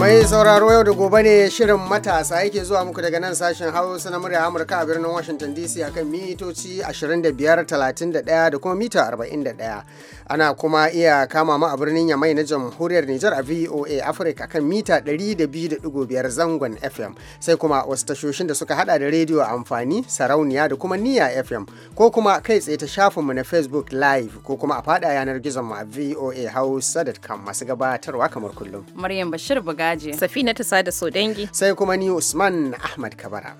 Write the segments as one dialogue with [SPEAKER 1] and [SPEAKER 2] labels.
[SPEAKER 1] Mai sauraro yau da gobe ne shirin matasa yake zuwa muku daga nan sashen Hausa na murya Amurka a birnin Washington DC akan mitoci 25.31 da kuma mita 41. Ana kuma iya kama mu a birnin Yamai na Jamhuriyar Nijar a VOA Africa kan mita 102.5 zangon FM. Sai kuma wasu tashoshin da suka hada da rediyo amfani, sarauniya da kuma niya FM ko kuma kai tsaye ta shafinmu na Facebook Live ko kuma a fada yanar gizon mu a hausa.com masu gabatarwa kamar kullum.
[SPEAKER 2] Maryam Bashir Babaji. Safina ta sada so dangi.
[SPEAKER 1] Sai kuma ni Usman Ahmad Kabara.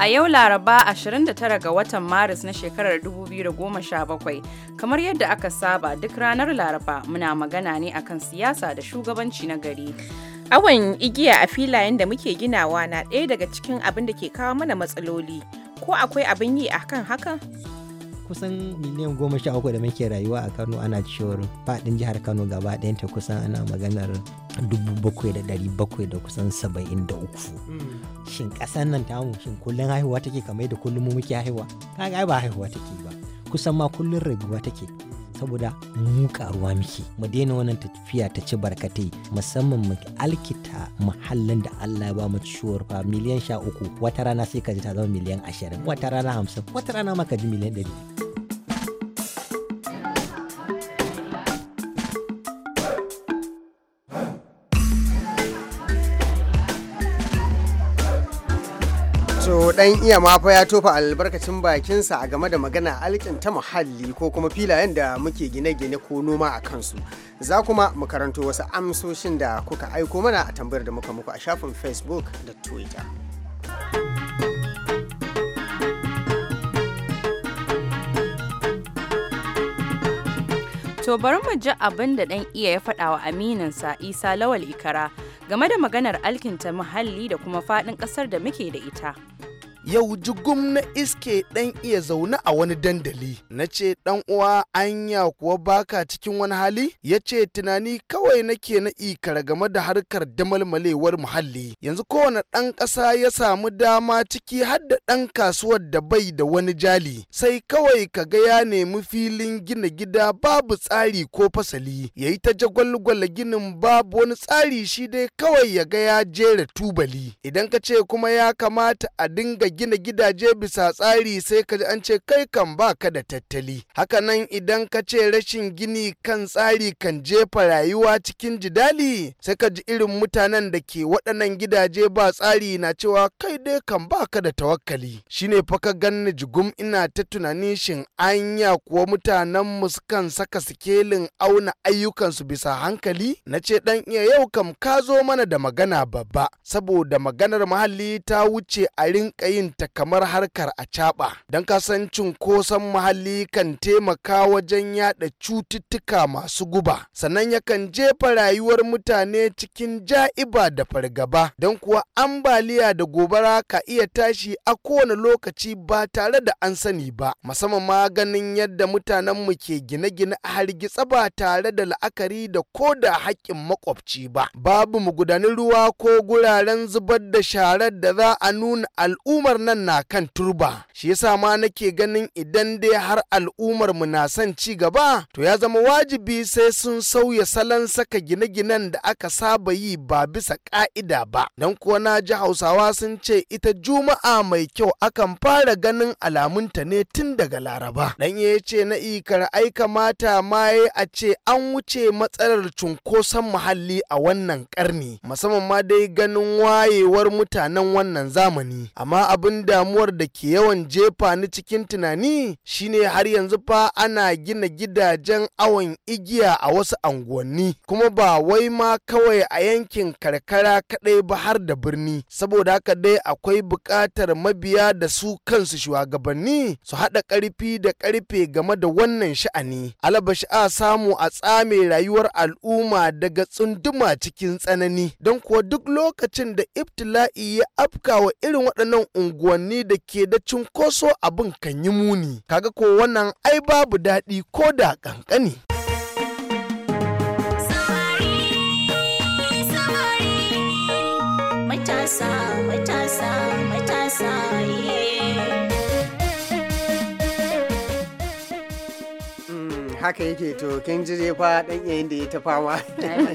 [SPEAKER 2] A yau Laraba 29 ga watan Maris na shekarar 2017, kamar yadda
[SPEAKER 3] aka saba duk ranar Laraba muna magana ne akan siyasa da shugabanci na gari. Awon igiya a filayen da muke ginawa na ɗaya daga cikin abin da ke kawo mana matsaloli. Ko akwai abin yi a kan hakan?
[SPEAKER 4] kusan miliyan goma sha uku da muke rayuwa a kano ana cewar fadin jihar kano gaba ta kusan ana maganar dubu bakwai da dari bakwai da kusan saba'in da uku hmm. shin ƙasan nan tamu shin kullum haihuwa take kamar da kullum mu muke haihuwa ga ba haihuwa take ba kusan ma kullum rabuwa take saboda mu karuwa muke mu daina wannan tafiya ta ci barkatai musamman mu alkita muhallin da Allah ya ba mu ciwar fa miliyan sha uku wata rana sai ka ji ta zama miliyan ashirin wata rana hamsin wata rana ma ka ji miliyan ɗari
[SPEAKER 1] dan iya mafa ya tofa albarkacin bakinsa a game da magana alkin ta muhalli ko kuma filayen da muke gine-gine ko noma a kansu. Za kuma mu wasu amsoshin da kuka aiko mana a tambayar da muka muku a shafin Facebook da Twitter.
[SPEAKER 2] To bari mu ji abin da dan iya ya faɗa wa aminansa Isa Lawal Ikara game da maganar alkinta muhalli da kuma faɗin ƙasar da muke da ita. yau ji
[SPEAKER 5] na iske ɗan iya zaune a wani dandali na ce ɗan uwa anya kuwa baka cikin wani hali ya ce tunani kawai nake na ikara game da harkar damalmalewar muhalli yanzu kowane ɗan ƙasa ya samu dama ciki har da ɗan kasuwar da bai da wani jali sai kawai ka ga ya nemi filin gina gida babu tsari ko fasali ya yi ta jagwalgwala ginin babu wani tsari shi dai kawai ya ga ya jera tubali idan ka ce kuma ya kamata a dinga gina gidaje bisa tsari sai ka an ce kai kan ba ka da tattali hakanan idan ka ce rashin gini kan tsari kan jefa rayuwa cikin jidali sai ka ji irin mutanen da ke waɗannan gidaje ba tsari na cewa kai dai kan ba ka da tawakkali shine fa ka ganni jigum ina ta tunanin shin anya kuwa mutanen mu kan saka sikelin auna ayyukansu bisa hankali na ce dan iya yau kam ka zo mana da magana babba saboda maganar muhalli ta wuce a rinka yin ta kamar harkar a caɓa don kasancin kosan muhalli kan taimaka wajen yada cututtuka masu guba sannan yakan jefa rayuwar mutane cikin ja'iba da fargaba don kuwa ambaliya da gobara ka iya tashi a kowane lokaci ba tare da an sani ba musamman ma ganin yadda mutanenmu ke gine-gine a hargitsa ba tare da la'akari da ko da haƙƙin makwabci ba babu mu gudanin ruwa ko guraren zubar da sharar da za a nuna al'umma al'ummar nan na kan turba shi yasa ma nake ganin idan dai har al'ummar mu na son ci gaba to ya zama wajibi sai sun sauya salon saka gine-ginen da aka saba yi ba bisa ka'ida ba don kuwa na ji hausawa sun ce ita juma'a mai kyau akan fara ganin alamunta ne tun daga laraba dan ya ce na ikar ai kamata ma a ce an wuce matsalar cunkoson muhalli a wannan karni musamman ma dai ganin wayewar mutanen wannan zamani amma abin damuwar da ke yawan jefa ni cikin tunani shine har yanzu fa ana gina gidajen awon igiya a wasu anguwanni kuma ba wai ma kawai a yankin karkara kaɗai ba har da birni saboda haka dai akwai buƙatar mabiya da su kansu shugabanni su haɗa ƙarfi da ƙarfe game da wannan sha'ani alabashi a samu a tsame rayuwar al'umma daga tsunduma cikin tsanani don kuwa duk lokacin da ibtila'i ya afka wa irin waɗannan unguwanni da ke da cunkoso abin kan yi muni kaga ko wannan ai babu daɗi ko da ƙanƙani.
[SPEAKER 2] haka
[SPEAKER 1] yake to kin ji dai fa dan yayin da ya ta fama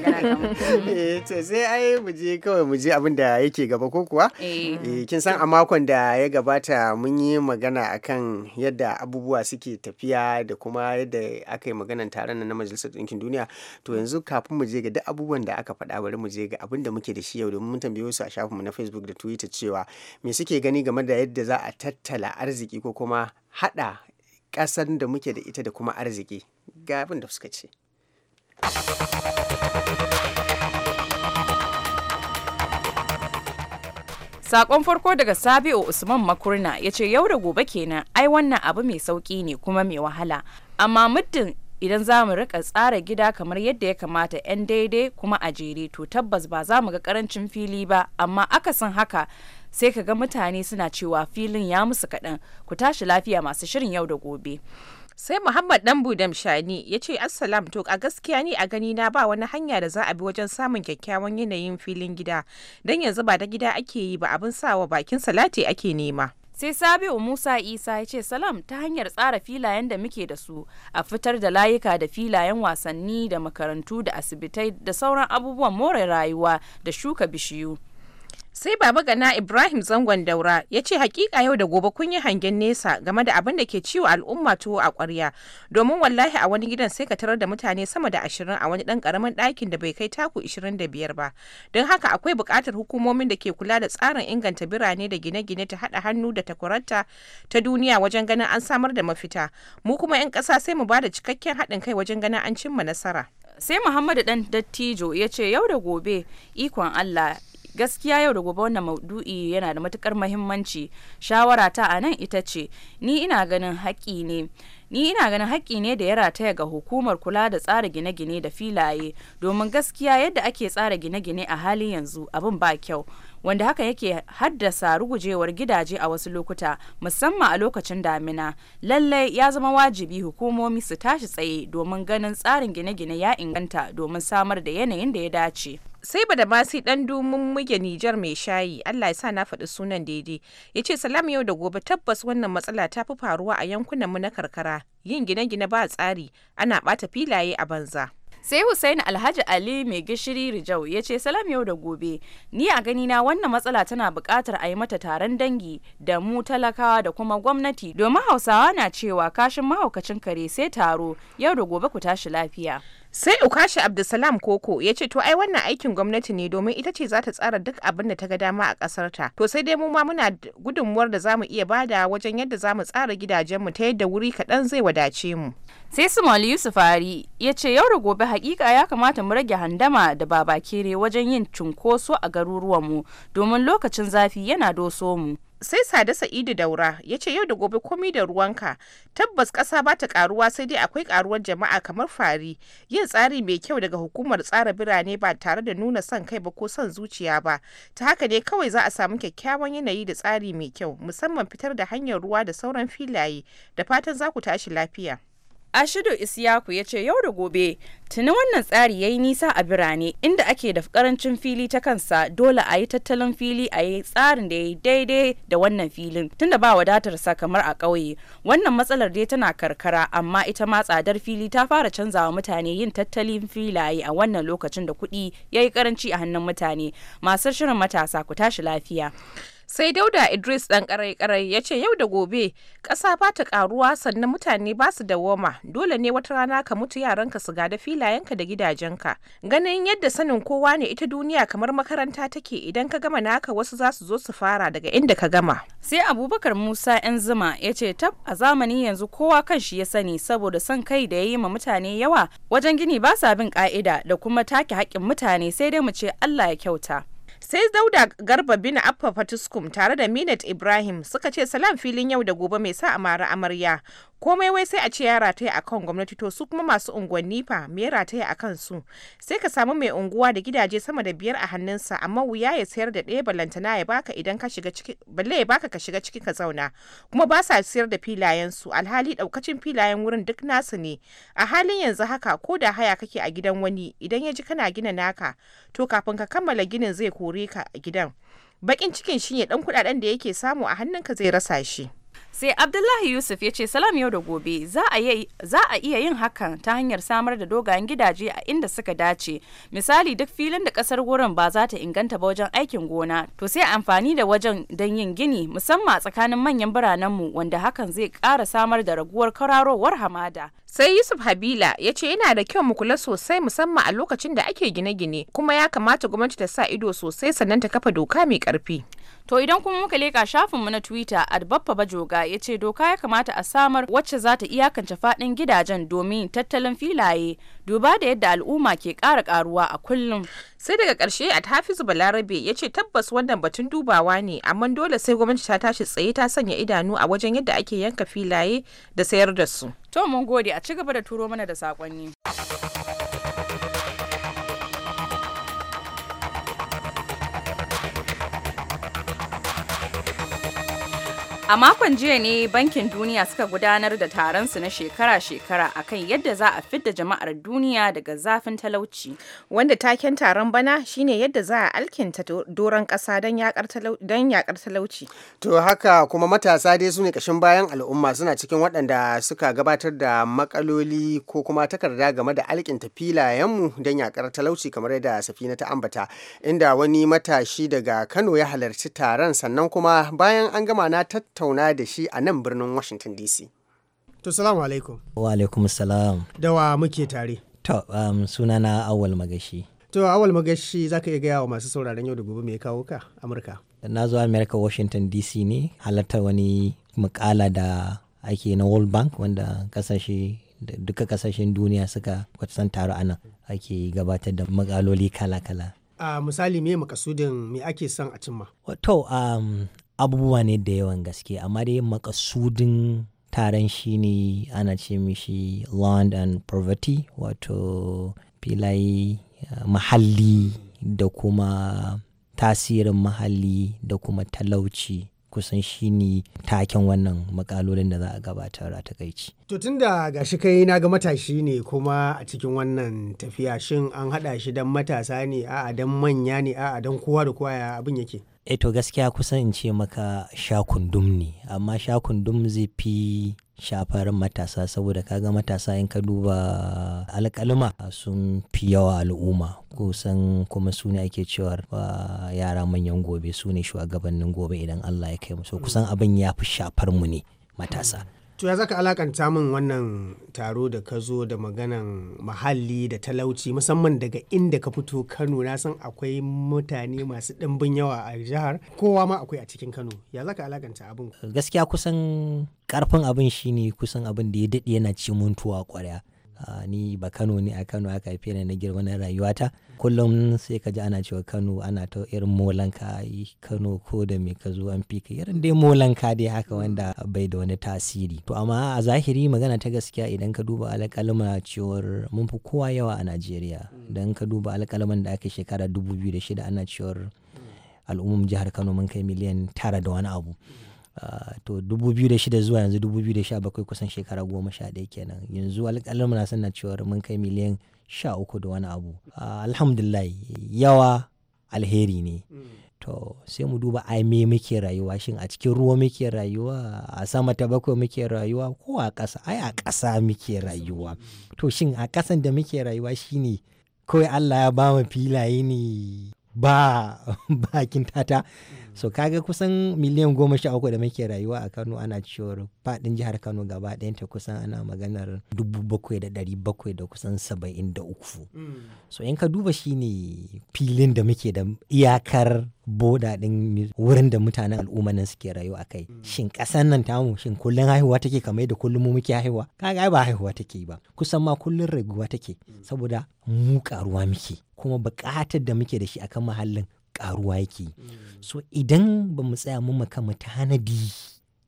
[SPEAKER 1] eh to sai ai mu je kawai mu je abin da yake gaba ko kuwa eh. eh kin san a makon da ya gabata mun yi magana akan yadda abubuwa suke tafiya da kuma yadda aka yi maganan taron na majalisar ɗinkin duniya to yanzu kafin mu je ga duk abubuwan da aka faɗa bari mu je ga abin da muke da shi yau domin mun tambaye su a shafinmu na Facebook da Twitter cewa me suke gani game da yadda za a tattala arziki ko kuma haɗa ƙasar da muke da ita da kuma arziki ga abin da suka ce.
[SPEAKER 2] Sakon farko daga Sabi'u Usman Makurna ya ce yau da gobe kenan ai wannan abu mai sauki ne kuma mai wahala. Amma muddin idan za mu rika tsara gida kamar yadda ya kamata 'yan daidai kuma a jere to tabbas ba za mu ga karancin fili ba amma akasin haka sai ka ga mutane suna cewa filin ya musu
[SPEAKER 3] kaɗan ku tashi lafiya masu shirin yau da gobe. sai muhammad dan budam shani ya ce assalam to a gaskiya ni a gani na ba wani hanya da za a bi wajen samun kyakkyawan yanayin filin gida don yanzu ba da gida ake yi ba abin sawa bakin salati ake nema sai sabiu
[SPEAKER 2] musa isa ya ce salam ta hanyar tsara filayen da muke da su
[SPEAKER 3] a fitar da layuka
[SPEAKER 2] da filayen wasanni da makarantu da asibitai da sauran abubuwan more rayuwa da
[SPEAKER 3] shuka bishiyu sai baba gana ibrahim zangon daura ya ce hakika yau da gobe kun yi hangen nesa game da abin da ke ciwo al'umma tuwo a kwarya domin wallahi a wani gidan sai ka tarar da mutane sama da ashirin a wani dan karamin ɗakin da bai kai taku ishirin da biyar ba don haka akwai buƙatar hukumomin da ke kula da tsarin inganta birane da gine-gine ta haɗa hannu da takwararta ta duniya wajen ganin an samar da mafita mu kuma 'yan ƙasa sai mu ba da cikakken haɗin kai wajen ganin an cimma nasara sai muhammadu dan dattijo ya ce yau da gobe ikon
[SPEAKER 2] allah gaskiya yau da gobe wannan maudu'i yana da matukar mahimmanci shawara ta a nan ita ce ni ina ganin haƙƙi ne ni ina ganin haƙƙi ne da ya rataya ga hukumar kula da tsara gine-gine da filaye domin gaskiya yadda ake tsara gine-gine a halin yanzu abin ba kyau wanda haka yake haddasa rugujewar gidaje a wasu lokuta musamman a lokacin damina lallai ya zama wajibi hukumomi su tashi tsaye domin
[SPEAKER 3] ganin tsarin gine-gine ya inganta domin samar da yanayin da ya dace sai ba da basi dan dumin muge Nijar mai shayi Allah ya sa na faɗi sunan daidai ya ce salam yau da gobe tabbas wannan matsala ta fi faruwa a yankunan mu na karkara yin gine-gine ba tsari ana ɓata filaye a banza. sai Hussein Alhaji Ali mai gishiri Rijau ya ce salam yau da gobe
[SPEAKER 2] ni a gani na wannan matsala tana buƙatar a yi mata taron dangi da mu talakawa da kuma gwamnati domin Hausawa na cewa kashin mahaukacin kare sai taro yau da gobe ku
[SPEAKER 3] tashi lafiya. sai ukashi abdulsalam koko ya ce to ai wannan aikin gwamnati ne domin ita ce za ta tsara duk abin da ta ga dama a kasar ta to sai dai mu ma muna gudunmuwar da zamu iya bada wajen yadda zamu tsara gidajenmu ta yadda wuri kaɗan zai wadace mu sai Sumal Yusuf
[SPEAKER 2] Ari ya ce yau da gobe hakika ya kamata mu rage handama da babakere wajen yin cunkoso
[SPEAKER 3] a garuruwanmu domin lokacin zafi yana doso mu sai sada sa'idu daura ya ce yau da gobe komi da ruwanka tabbas kasa ba ta karuwa sai dai akwai karuwar jama'a kamar fari yin tsari mai kyau daga hukumar tsara birane ba tare da nuna son kai ba ko son zuciya ba ta haka ne kawai za a samu kyakkyawan yanayi da tsari mai kyau musamman fitar da hanyar ruwa da sauran filaye da fatan za ku tashi lafiya. Ashidu Isiyaku ya ce
[SPEAKER 2] yau da gobe tuni wannan tsari ya yi nisa a birane inda ake da karancin fili ta kansa dole a yi tattalin fili a yi tsarin da ya yi daidai da wannan filin tunda ba wadatar sa kamar a ƙauye wannan matsalar dai tana karkara amma ita ma tsadar fili ta fara canzawa mutane yin tattalin filaye a wannan lokacin da kuɗi ya yi karanci a hannun mutane
[SPEAKER 3] masu shirin matasa ku tashi lafiya. sai dauda idris dan karai-karai ya ce yau da gobe ƙasa ba ta karuwa sannan mutane ba su dawoma dole ne wata rana ka mutu yaranka su gada filayenka da gidajenka ganin yadda sanin kowa ne ita duniya kamar makaranta take idan ka gama naka wasu za su zo su fara daga inda ka gama sai abubakar musa
[SPEAKER 2] yan zuma ya ce tab a zamani yanzu kowa kan shi ya sani saboda son kai da ya yi ma mutane yawa wajen gini ba sa bin ka'ida da kuma take haƙƙin mutane sai dai mu ce allah ya kyauta
[SPEAKER 3] sai dauda garba bin affa tuskum tare da minet ibrahim suka ce salam filin yau da gobe mai sa a amara amarya komai wai sai a ce ya rataya a kan gwamnati to su kuma masu unguwanni fa me ya rataya a kan su sai ka samu mai unguwa da gidaje sama da biyar a hannunsa amma wuya ya sayar da ɗaya balantana ya baka idan ka shiga ciki balle ya baka ka shiga ciki ka zauna kuma ba sa sayar da filayen su alhali daukacin filayen wurin duk nasu ne a halin yanzu haka ko da haya kake a gidan wani idan ya ji kana gina naka to kafin ka kammala ginin zai kore ka a gidan bakin cikin shi ne dan kudaden da yake samu a hannunka zai rasa shi
[SPEAKER 2] sai abdullahi yusuf ya ce salam yau da gobe za a iya yin hakan ta hanyar samar da dogayen gidaje a inda suka dace misali duk filin da kasar wurin ba za ta inganta ba wajen aikin gona to sai amfani da wajen don yin gini musamman a tsakanin manyan biranenmu
[SPEAKER 3] wanda hakan zai kara samar da raguwar kwararowar hamada sai yusuf habila ya ce yana da kyau mu kula sosai musamman a lokacin da ake gine-gine kuma ya kamata gwamnati ta sa ido sosai sannan ta kafa doka mai karfi.
[SPEAKER 2] To idan kuma muka leƙa shafinmu na Twitter Adbaffa Bajoga ya ce doka ya kamata a samar wacce za ta iyakance faɗin gidajen domin tattalin
[SPEAKER 3] filaye duba da yadda al'umma ke ƙara ƙaruwa a kullum. Sai daga ƙarshe a Hafizu Balarabe ya ce tabbas wannan batun dubawa ne amma dole sai gwamnati ta tashi tsaye ta sanya idanu a wajen yadda ake yanka filaye da sayar da su.
[SPEAKER 2] To mun gode a ci gaba da turo mana da saƙonni. A makon jiya ne Bankin Duniya suka gudanar da taronsu na shekara-shekara a akan yadda za a fidda
[SPEAKER 3] jama'ar duniya daga zafin talauci. Wanda taken taron bana shine yadda za a alkinta doron ƙasa don yakar talauci.
[SPEAKER 1] To haka kuma matasa dai su ne ƙashin bayan al'umma suna cikin waɗanda suka gabatar da makaloli ko kuma takarda game da alkinta filayenmu don yakar talauci kamar yadda safina ta ambata inda wani matashi daga Kano ya halarci taron sannan kuma bayan an gama na tattauna da shi a nan birnin Washington DC. To salamu alaikum.
[SPEAKER 4] Wa alaikum salam. Da muke tare. To um, sunana Awal Magashi.
[SPEAKER 1] To Awal Magashi za ka iya gaya wa masu sauraron yau da gobe mai kawo ka Amurka?
[SPEAKER 4] Na zo Amerika Washington DC ne halarta wani mukala da ake na World Bank wanda kasashe duka kasashen duniya suka kwatsan taro anan ake gabatar da makaloli kala-kala.
[SPEAKER 1] a misali me makasudin me ake son a cimma?
[SPEAKER 4] To um, abubuwa ne da yawan gaske amma dai makasudin taron shi ne ana ce mishi land and poverty wato filaye eh, mahalli da kuma tasirin mahalli da kuma talauci kusan shi ne taken wannan makalolin da za a gabatar a takaici.
[SPEAKER 1] To tun da gashi kai na ga matashi ne kuma a cikin wannan tafiya shin an haɗa shi don matasa ne a'a don manya ne a'a don kowa da kowa abin yake.
[SPEAKER 4] eh to gaskiya kusan in ce maka sha kundum ne amma sha kundum zai fi shafar matasa saboda kaga matasa in ka duba alƙalima sun fi yawa al'umma kusan kuma su ne ake cewa yara manyan gobe su ne shugabannin gobe idan Allah ya kai musu kusan abin ya fi shafar mu ne matasa
[SPEAKER 1] to ya zaka alakanta min wannan taro da ka zo da maganan muhalli da talauci musamman daga inda ka fito kano na san akwai mutane masu ɗimbin yawa a jihar kowa ma akwai a cikin kano ya zaka alakanta abin
[SPEAKER 4] gaskiya kusan karfin abin shine kusan abin da ya daɗe yana ci mun tuwa Ah, ni ba kano ne a kano aka haife ni na girma na rayuwata kullum sai ka ji ana cewa kano ana ta irin molanka kano ko da me ka zo an fi ka irin dai molanka dai haka wanda bai da wani tasiri to amma a zahiri magana ta gaskiya idan ka duba alƙalma cewar mun fi kowa yawa a najeriya idan ka duba alƙalman da aka shekara dubu biyu da shida ana cewar al'ummar jihar kano mun kai miliyan tara da wani abu Ah, to dubu biyu da shida zuwa yanzu dubu biyu da sha bakwai kusan shekara goma sha ɗaya kenan yanzu alƙalarmu na sana cewar mun kai miliyan sha uku da wani abu ah, alhamdulillah yawa alheri ne mm. to sai mu duba ai me muke rayuwa shin a cikin ruwa muke rayuwa a sama ta bakwai muke rayuwa ko a ƙasa ai a ƙasa muke rayuwa to shin a ƙasan da muke rayuwa shine kawai Allah ya ba mu filaye ne ba bakin tata so kaga kusan miliyan goma sha uku da muke rayuwa a kano ana cewar fadin jihar kano gaba ta kusan ana maganar dubu bakwai da dari bakwai da kusan saba'in da uku so in ka duba shi ne filin da muke da iyakar boda ɗin wurin da mutanen al'umma nan suke rayuwa a kai shin kasan nan tamu shin kullum haihuwa take kamar da kullum mu muke haihuwa kaga ba haihuwa take ba kusan ma kullun raguwa take saboda mu karuwa muke kuma bukatar da muke da shi akan muhallin. karuwa yake mm. so idan ba mu tsaya mu maka mu tanadi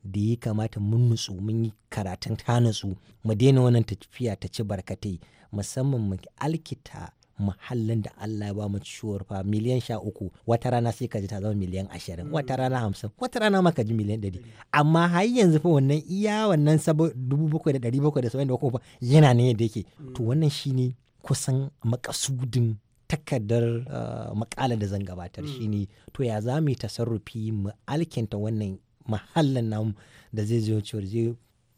[SPEAKER 4] da ya kamata mun nutsu mun yi karatun ta nutsu mu daina wannan tafiya ta ci barkatai musamman mu alkita muhallin da Allah ya ba mu ciwar fa miliyan sha uku wata rana sai ka ji ta zama miliyan ashirin wata mm. rana hamsin wata rana ma ka ji miliyan ɗari amma har yanzu fa wannan iya wannan sabo dubu bakwai da ɗari bakwai da saba'in da yana ne yadda yake to mm. wannan shine kusan makasudin takardar uh, makalar da zan gabatar hmm. shine to ya za mu tasarrufi mu alkinta wannan mahallin namu da zai zo cewar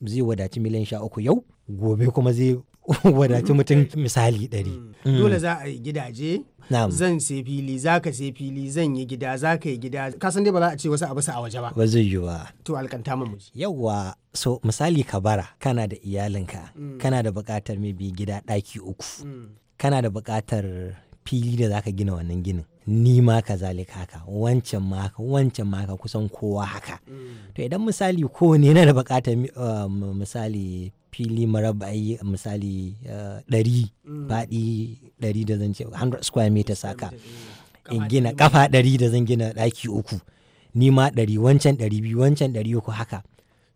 [SPEAKER 4] zai wadaci miliyan sha uku yau gobe kuma zai wadaci hmm. mutum eh. misali ɗari. Hmm. Dole za
[SPEAKER 1] a yi gidaje, zan sai fili, za ka sai fili, zan yi gida, za ka yi gida, kasan dai ba za a ce wasu abu a waje ba.
[SPEAKER 4] Ba zai yi ba.
[SPEAKER 1] To alkanta mu
[SPEAKER 4] Yawwa, so misali ka bara, kana da iyalinka, kana da buƙatar mai bi gida ɗaki uku, kana da buƙatar fili da zaka gina wannan ginin ni ma ka zalika haka wancan ma haka wancan ma haka kusan kowa haka mm. to idan misali ko ne yana da bukatar uh, misali fili marabai misali uh, ɗari mm. faɗi ɗari da zan ce 100 square meters haka in gina kafa ɗari da zan gina ɗaki uku ni ma ɗari wancan ɗari biyu wancan ɗari uku haka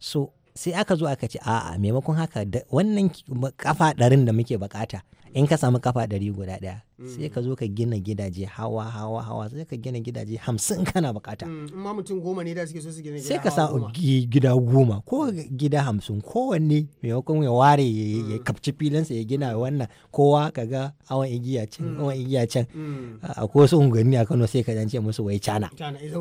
[SPEAKER 4] so sai aka zo aka ce a'a maimakon haka wannan kafa ɗarin da muke bukata in ka samu kafa ɗari guda ɗaya mm. sai ka zo ka gina gidaje hawa hawa hawa sai ka gina gidaje hamsin kana bukata mm,
[SPEAKER 1] mutum goma ne da suke so su gina sai ka sa
[SPEAKER 4] gida goma ko gida hamsin kowanne maimakon ya ware ya mm. kapci filinsa ya gina wannan kowa ka ga awon igiya can awon igiya can a ko su unguwanni a Kano sai ka zance ce musu wai cana eh,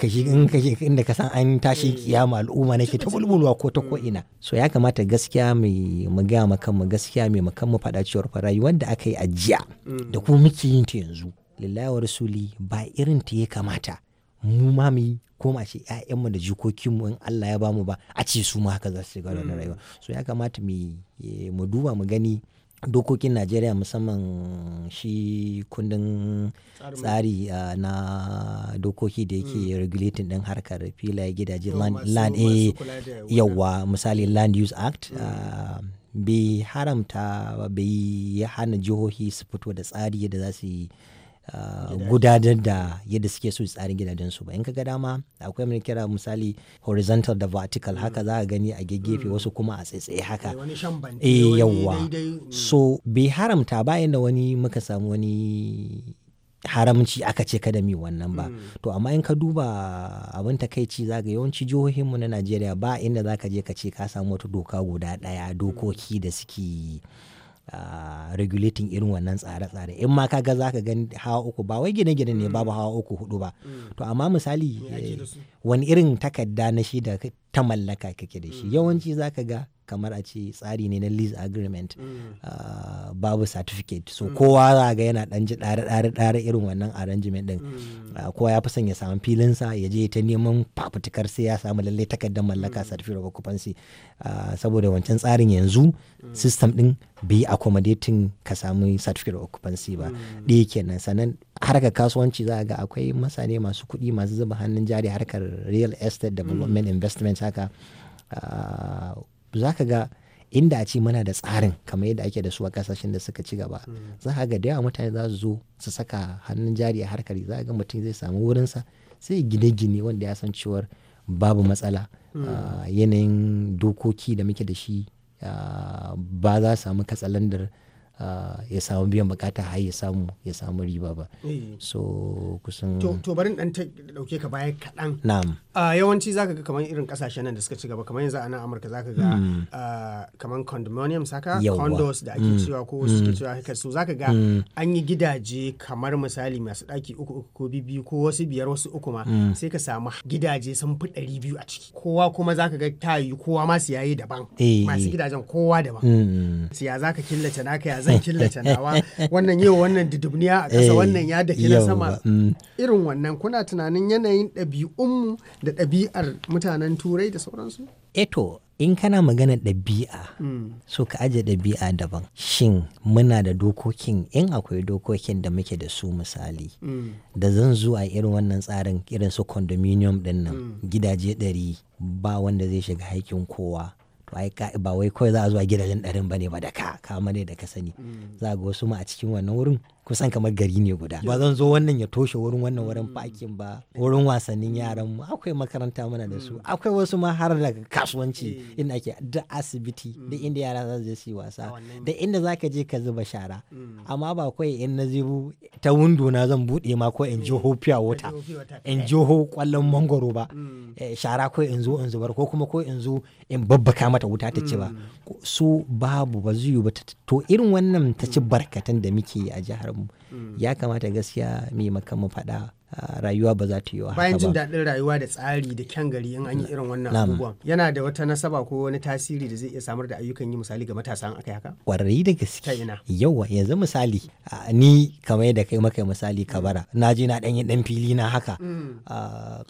[SPEAKER 4] ka shi in ka shi inda ka san an tashi eh. kiyama al'umma nake ta bulbulwa ko ta ko ina so ya kamata gaskiya mu mu ga gaskiya mai mu fada ciwar fara rayuwar da aka yi a jiya mm. da kuma muke yin ta yanzu lillahi wa rasuli ba irin ta ya kamata mu ma mu yi ko ma ce ƴaƴanmu da jikokinmu in Allah ya bamu ba a ce su ma haka za su shiga wannan mm. rayuwa so ya kamata mu eh, mu duba mu gani dokokin najeriya musamman shi kundin tsari uh, na dokoki da yake mm. regulating din harkar filaye gidaje land, land eh, yawa misali mm. land use act mm. Ah, bai haramta ba bai hana jihohi su fito da tsari yadda za su ah, gudanar da yadda suke so tsarin su ba in ka ga dama akwai mun kira misali horizontal da vertical mm. haka za a gani a gefe mm. wasu kuma a tsaitsaye haka eh, eh yawa mm. so bai haramta ba da wani muka samu wani haramci aka ce kada mi wannan ba hmm. to amma in ka duba abin takaici zaga yawanci jihohinmu na najeriya ba inda zaka je ka ce ka samu wata doka guda daya hmm. dokoki da suke Uh, regulating irin wannan tsare-tsare in ma kaga za ka gani hawa uku ba wai gine-gine ne hmm. babu hawa uku hudu ba to amma misali eh, wani irin takarda na shi da ta mallaka kake da shi yawanci zaka ga kamar a ce tsari ne na lease agreement uh, babu certificate so mm. kowa za ga yana dan ji dare dare dare irin wannan arrangement din uh, mm. ah, kowa ya fi son ya samu filin sa ya je ta neman fafutukar sai ya samu lalle takardar mallaka certificate of occupancy ah, saboda wancan tsarin yanzu system din bai accommodating ka samu certificate of occupancy ba ɗaya kenan sannan harkar kasuwanci za a ga akwai masane masu kuɗi masu zuba hannun jari harkar real estate development investment haka za ka ga inda a ce muna da tsarin kamar yadda ake da su a kasashen da suka ci gaba hmm. za ka ga da yawa mutane za su zo su saka hannun jari a harkari za a ga mutum zai samu wurinsa sai gine-gine wanda ya san cewar babu matsala hmm. ah, yanayin dokoki da muke da shi ah, ba za samu katsalandar Ah, ya samu biyan bukata har ya samu ya samu riba ba eh. so kusan to
[SPEAKER 1] barin dan ta dauke ka baya kaɗan na'am ah, yawanci zaka ga kamar irin kasashen nan da suka ci gaba kamar yanzu a nan Amurka zaka ga hmm. ah, kamar condominium saka, condos da ake hmm. cewa ko suke hmm. cewa haka so zaka ga an yi gidaje kamar misali masu daki uku uku ko bibi ko wasu biyar wasu uku ma sai ka samu gidaje sun fi ɗari biyu a ciki kowa kuma zaka ga tayi kowa ma su yayi daban eh. masu gidajen kowa daban siya zaka killace naka ya zan killace nawa wannan yau wannan dudubniya a ƙasa eh, wannan ya da na sama mm. irin wannan kuna tunanin yanayin ɗabi'unmu da ɗabi'ar mutanen turai da sauransu
[SPEAKER 4] eto eh in kana magana ɗabi'a mm. so ka aje ɗabi'a daban shin muna da dokokin in akwai dokokin da muke da su misali mm. da zan zuwa irin wannan tsarin irin su condominium ɗin gidaje ɗari ba wanda zai shiga haikin kowa ba wai kawai za a zuwa gidajen ɗarin ba ne ba da ka kama ne da ka sani mm. za a ga wasu ma a cikin wannan wurin kusan kamar gari ne guda ba zan zo wannan ya toshe wurin wannan wurin fakin ba wurin wasannin yaran mu akwai makaranta mana da su akwai wasu ma har daga kasuwanci eh. inda ake da asibiti da mm. inda yara za su je su wasa da inda zaka je ka zuba shara mm. amma ba kawai in na zibu ta windo na zan bude ma ko in jiho fiya wata in jiho kwallon mangoro mm. ba eh, shara ko in zo in zubar ko kuma ko in zo in babbaka mata wuta ta ci ba su babu ba zuyu ba to irin wannan ta ci barkatan da muke yi a jihar mu mm. ya kamata gaskiya mai makamu faɗa rayuwa ba za ta yi wa bayan jin
[SPEAKER 1] daɗin rayuwa da tsari da kyan gari in an yi irin wannan abubuwan yana da wata nasaba ko wani tasiri da zai iya samar da ayyukan yi misali ga matasan akai haka
[SPEAKER 4] kwarai da gaske yawa yanzu misali ni kamar yadda kai maka misali kabara mm. na je na ɗanyi ɗan fili na haka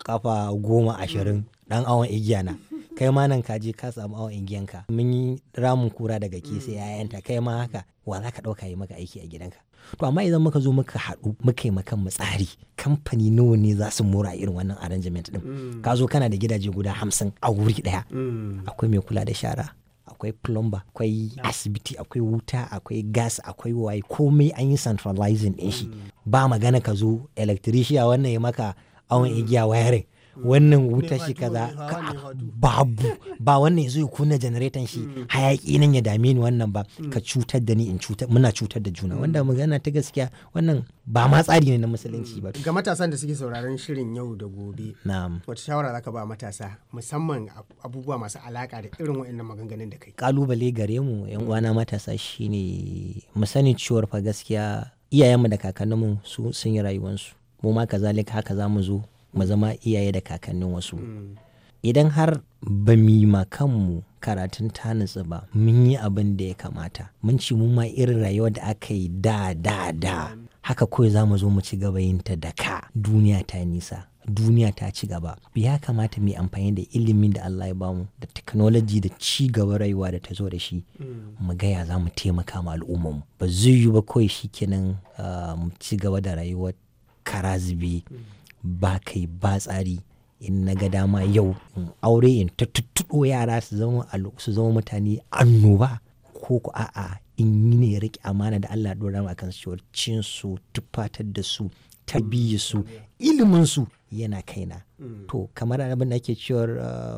[SPEAKER 4] kafa mm. goma ashirin dan awon igiya na kai ma nan ka je ka samu awon ingiyanka mun yi ramun kura daga ke sai yayanta mm. kai ma haka wa za ka ɗauka yi maka aiki a gidanka to amma idan muka zo muka haɗu muka yi makan mu tsari kamfani nawa ne za su mora irin wannan arrangement din mm. ka zo kana da gidaje guda hamsin a wuri ɗaya mm. akwai mai kula da shara akwai plumber akwai ah. asibiti akwai wuta akwai gas akwai waye komai an yi centralizing din shi ba magana ka zo electrician wannan ya maka awon igiya wayarin wannan wuta shi kaza babu ba wannan ya zo ya kunna janaretan shi mm. hayaki nan ya dame ni wannan ba mm. ka cutar da ni in cutar muna cutar da juna mm. wanda magana ta gaskiya wannan ba ma tsari ne na musulunci ba ga
[SPEAKER 1] matasan da suke sauraron shirin yau da gobe na'am wata shawara zaka ba matasa musamman abubuwa masu alaka da irin wa'annan maganganun da kai
[SPEAKER 4] kalubale gare mu yan uwana matasa shine mu sani ciwar fa gaskiya iyayenmu da kakanninmu su sun yi rayuwansu mu ma kazalika haka za mu zo mu zama iyaye da kakannin wasu mm. idan har ba mu yi kanmu karatun ta nutsu ba mun yi abin da ya kamata mun ci mu ma irin rayuwa da aka yi da da da haka kawai za mu zo mu ci gaba yin ta da ka duniya ta nisa duniya ta ci gaba ya kamata mu amfani da ilimin da Allah ya bamu da technology da ci gaba rayuwa da ta zo da shi mm. mu gaya za mu taimaka ma al'umma ba zai yi ba kawai shikenan ah, mu ci gaba da rayuwar karazibi ba kai ba tsari in na ga dama yau in aure in ta tuttuɗo yara su zama su zama mutane annoba ko ku a'a in yi ne riƙe amana da Allah ɗora ma kan cin su tufatar da su tarbiyya su ilimin su yana kaina Mm. to kamar abin da ake cewar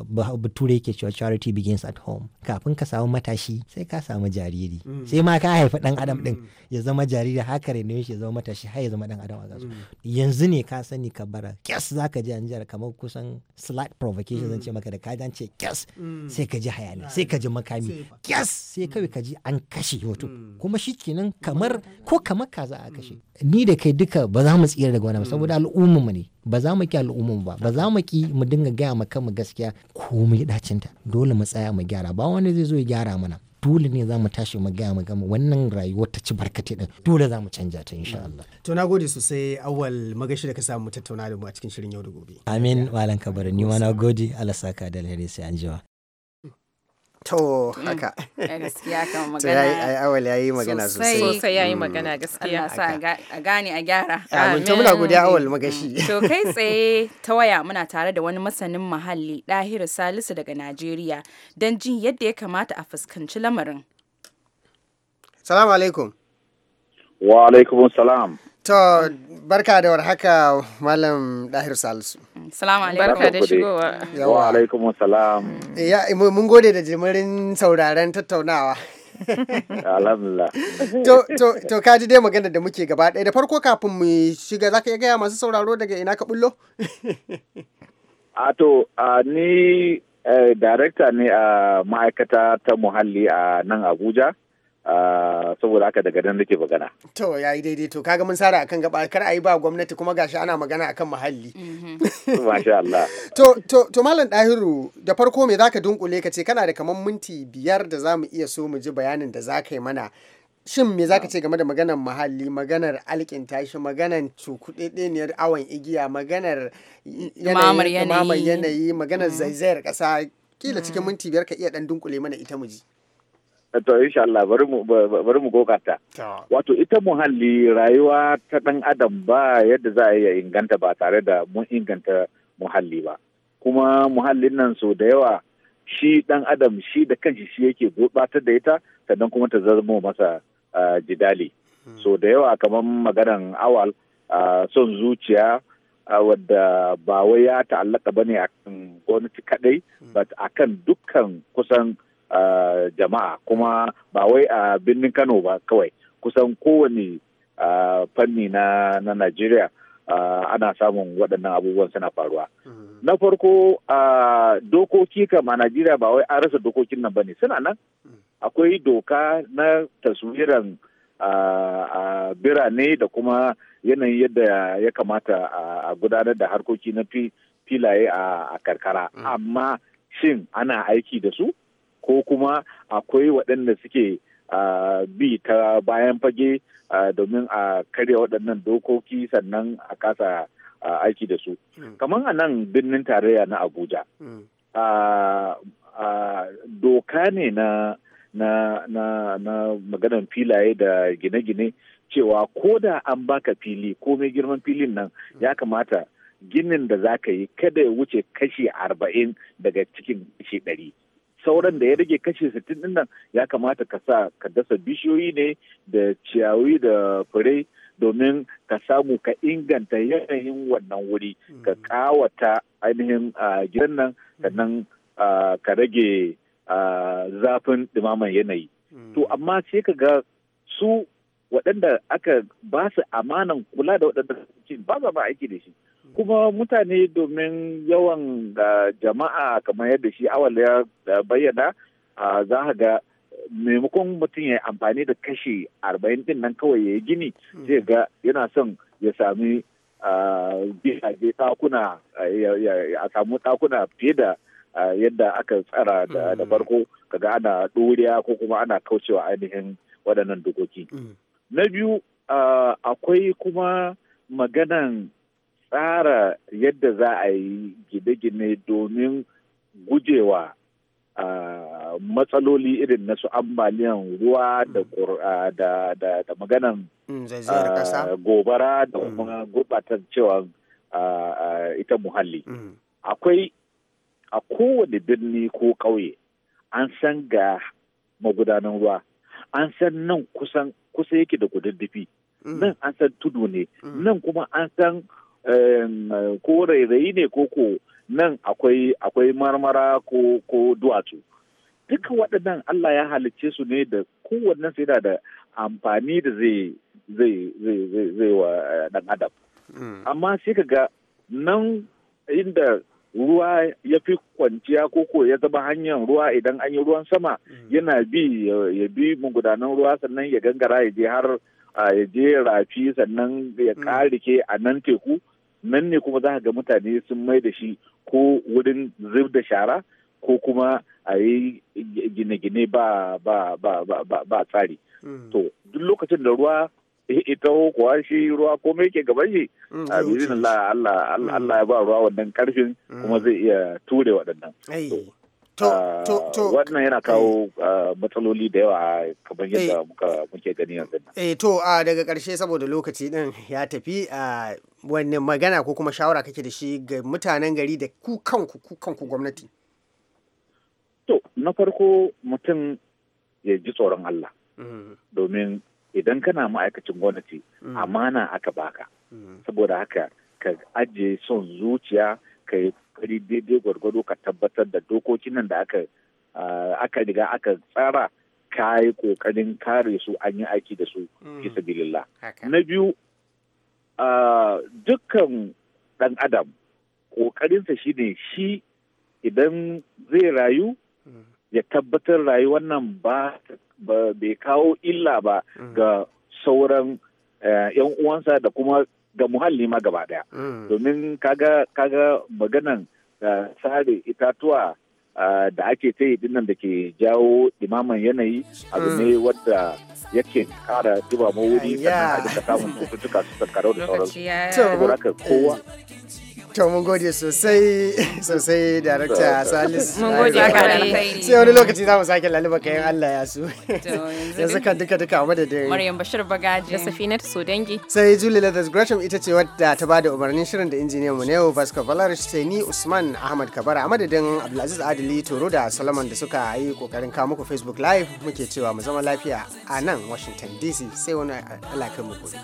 [SPEAKER 4] uh, bature ke cewa charity begins at home kafin ka samu matashi sai ka samu jariri mm. sai ma ka haifi dan adam din mm. ya zama jariri haka ne shi ya zama matashi har ya zama dan adam a gasu yanzu ne ka sani ka bara kyas zaka ji anjiyar kamar kusan slight provocation zan ce maka da ka ce kes. sai ka ji hayani sai ka ji makami kes sai kawai ka ji an kashe wato kuma shi kenan kamar ko kamar kaza a kashe ni da kai duka ba za mu tsira daga wani ba saboda al'ummu ne ba za mu ki al'ummu ba za mu ki mu dinga gaya ma kanmu gaskiya ko dacin dacinta dole mu tsaya mu gyara ba wanda zai zo ya gyara mana dole ne za mu tashi mu gaya mu gama wannan rayuwar ta ci barkate din dole za mu canja ta insha mm. Allah.
[SPEAKER 1] To na gode sosai awal magashi da ka samu tattauna da mu
[SPEAKER 4] a cikin shirin yau da gobe. Amin malam kabar ni ma na gode Allah saka da alheri sai an jiwa.
[SPEAKER 1] To mm, haka. Gaskiya kan magana. Ai awal yayi magana sosai. Sosai yayi mm. magana gaskiya. Allah
[SPEAKER 2] sa a gane a gyara. Amin. To muna godiya awal
[SPEAKER 1] magashi. Mm. To kai tsaye
[SPEAKER 2] ta waya muna tare da wani masanin muhalli Dahiru Salisu daga Najeriya don jin yadda ya kamata a fuskanci lamarin.
[SPEAKER 1] Salamu alaikum.
[SPEAKER 6] Wa alaikum salam.
[SPEAKER 1] To barka da warhaka Malam Dahiru Salisu. Salamu alaikum. da shigowa. Wa
[SPEAKER 6] alaikum salam.
[SPEAKER 1] Ya mun gode da jimirin sauraren tattaunawa.
[SPEAKER 6] Alhamdulillah.
[SPEAKER 1] To to to ka ji dai magana da muke gaba ɗaya da farko kafin mu shiga ka iya gaya masu sauraro daga ina ka bullo?
[SPEAKER 6] A to ni eh, director ne a ma'aikata ta muhalli a nan Abuja. Ah, saboda haka daga nan nake magana.
[SPEAKER 1] To ya yi daidai to kaga mun sara akan gaba kar a yi ba gwamnati kuma gashi ana magana akan muhalli.
[SPEAKER 6] Mm-hmm. Masha Allah.
[SPEAKER 1] To to to Malam Dahiru da farko me zaka dunkule ka ce kana da kamar minti biyar da zamu iya so mu ji bayanin da zaka yi mana shin me zaka ce game da maganar muhalli maganar alkin tashi maganar cukuɗeɗeniyar awan igiya maganar yanayi maganar mm-hmm. zaizayar ƙasa kila cikin mm-hmm. minti biyar ka iya ɗan dunkule mana ita mu ji.
[SPEAKER 6] to insha Allah bari mu bari mu gogata wato ita muhalli rayuwa ta dan adam ba yadda za a iya inganta ba tare da mun inganta muhalli ba kuma muhallin nan so da yawa shi dan adam shi da kanshi shi yake gurbatar da ita sannan kuma ta zama masa jidali hmm. so da yawa kamar maganan awal son zuciya wadda ba wai ya ta'allaka bane akan gwamnati kadai hmm. but akan dukkan kusan jama'a kuma ba wai a birnin kano ba kawai kusan kowane fanni na najeriya ana samun waɗannan abubuwan suna faruwa mm-hmm. na farko dokoki kam a najeriya ba wai an rasa dokokin nan ba ne suna nan mm-hmm. akwai doka na taswiran birane da kuma yanayin yadda ya kamata a gudanar da harkoki na filaye a karkara mm-hmm. amma shin ana aiki da su ko kuma akwai waɗanda suke bi ta bayan fage domin a karya waɗannan dokoki sannan a kasa aiki da su hmm. kamar a nan birnin tarayya na abuja hmm. doka ne na na na na maganan filaye da gine-gine cewa ko da an baka fili ko mai girman filin nan ya kamata ginin da za ka yi kada ya wuce kashi arba'in daga cikin shi ɗari sauran da ya rage kashe sittin din nan ya kamata ka sa ka dasa bishiyoyi ne da ciyawi da fure domin ka samu ka inganta yanayin wannan wuri hmm. ka kawata ainihin gidan nan hmm. sannan ka rage zafin dumaman yanayi hmm. to amma sai ka ga su waɗanda aka ba su amanan kula da waɗanda ba za ba aiki da shi kuma mutane domin yawan ah, jama'a kamar yadda shi awal ya ah, bayyana ah, za a ga maimakon mutum ya amfani da kashi arba'in din nan kawai ya yi gini hmm. zai ga yana son ya sami gidaje takuna a samu takuna fiye da yadda aka tsara da hmm. farko kaga ana ɗoriya ko kuma ana kaucewa ainihin waɗannan dokoki hmm. na biyu akwai kuma maganan tsara yadda za a yi gine-gine domin gujewa matsaloli irin na su ambaliyan ruwa da maganan mm, gobara da mm. kuma gurɓatancewa ita muhalli. Mm. Akwai a kowane birni ko ƙauye an san ga magudanan ruwa, an san nan kusa yake da kududdufi, nan an san tudu ne, nan kuma an san ko rairayi ne ko ko nan akwai marmara ko duwatsu duka waɗannan Allah ya halicce su ne da kowanne sai da amfani da zai wa ɗan adam hmm. amma sai ka ga nan inda ruwa ya fi kwanciya koko ya zama hanyar ruwa idan an yi ruwan sama hmm. yana bi ya bi magudanan ruwa sannan ya gangara ya je har ya je rafi sannan ya hmm. karike a nan teku nan ne kuma za ga mutane sun mai da shi ko wurin zub da shara ko kuma a yi gine-gine ba ba ba tsari hmm. to duk lokacin da ruwa ita kuwa shi ruwa ko me yake gaban shi hmm, a bizin Allah Allah ya ba ruwa wannan karfin hmm. kuma zai iya ture waɗannan Ah, wannan yana kawo eh. ah, matsaloli da yawa kamar yadda eh. muke gani yanzu eh
[SPEAKER 1] to a ah, daga karshe saboda lokaci din ya tafi a wanne magana ko kuma shawara kake da shi ga mutanen gari da ku kanku ku kanku gwamnati
[SPEAKER 6] to na farko mutum ya ji tsoron Allah mm. domin idan kana ma'aikacin gwamnati mm. amana aka baka mm. saboda haka ka ajiye son zuciya ka yi daidai gwargwado ka tabbatar da dokokin nan da aka aka riga aka tsara ka yi kokarin kare su an yi aiki da su bisa mm. bilillah na biyu dukkan dan adam kokarinsa shine shi idan zai rayu mm. ya tabbatar rayuwar nan ba bai kawo illa ba mm. ga sauran eh, 'yan uwansa da kuma ga muhalli ma gaba daya mm. domin kaga kaga maganan uh, sare itatuwa uh, da ake ta yi dinnan da ke jawo imaman yanayi abu ne mm. wadda yake kara duba mawuri sannan a duka samun cututtuka su sankarau da sauransu
[SPEAKER 2] saboda kowa
[SPEAKER 6] eh,
[SPEAKER 1] to mun gode sosai sosai darakta salis mun gode sai wani lokaci za mu sake laluba kayan allah ya su yanzu kan duka duka a madadin maryam
[SPEAKER 3] bashir bagaji da safinatu dangi.
[SPEAKER 1] sai julie leathers gresham ita ce wadda ta bada umarnin shirin da injiniyan mu neo vasco valarish sai ni usman ahmad kabara a madadin abdulaziz adili toro da Salaman da suka yi kokarin kawo muku facebook live muke cewa mu zama lafiya a nan washington dc sai wani alakan mu gode.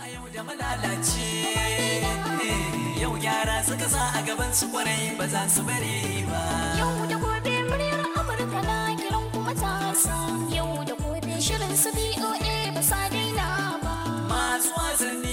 [SPEAKER 1] yau gyara suka sa
[SPEAKER 5] a gaban su kwarai ba za su bari ba yau da gobe muryar amurka na kiran kuma ta yau da gobe shirin su boa ba sa daina ba masu wasanni